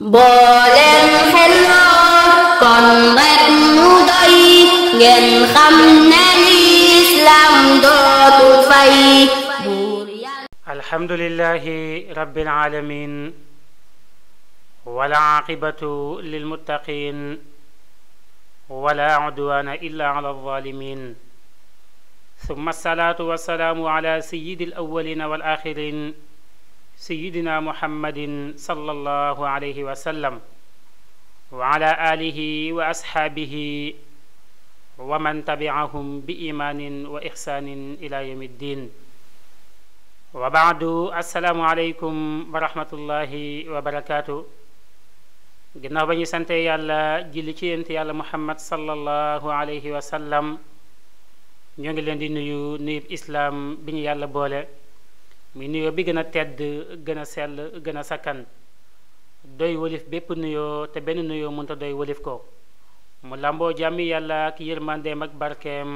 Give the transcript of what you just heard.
booleen xel kon rek mu doy ngeen xam ne lislaam dootu fay alhamdulillahi rabbil alamin wal aaqibatu lil muttaqin wala udwaana illa ala zalimin summa salaatu wasalaamu ala sayyidil awwalina wal axirin sayidina muhammadin sallallahu alayhi wa sallam wa ala alihi wa ashaabihi wa man tabi'ahum bi imaanin wa ihsaanin ila yawmi ddin wa baadu assalaamu aleykum wa rahmatullahi wa barakaatu ginnaaw ba ñu sante yàlla julli ci yent yàlla muhammad sallallahu alayhi wa sallam ñoo ngi leen di nuyu nuyub islaam bi ñu yàlla boole muy nuyoo bi gën a tedd gën a sell gën a sakkan doy walif bépp nuyoo te benn nuyoo mënta doy walif ko mu làmboo jàmmi yàlla ak yërmandeem ak barkeem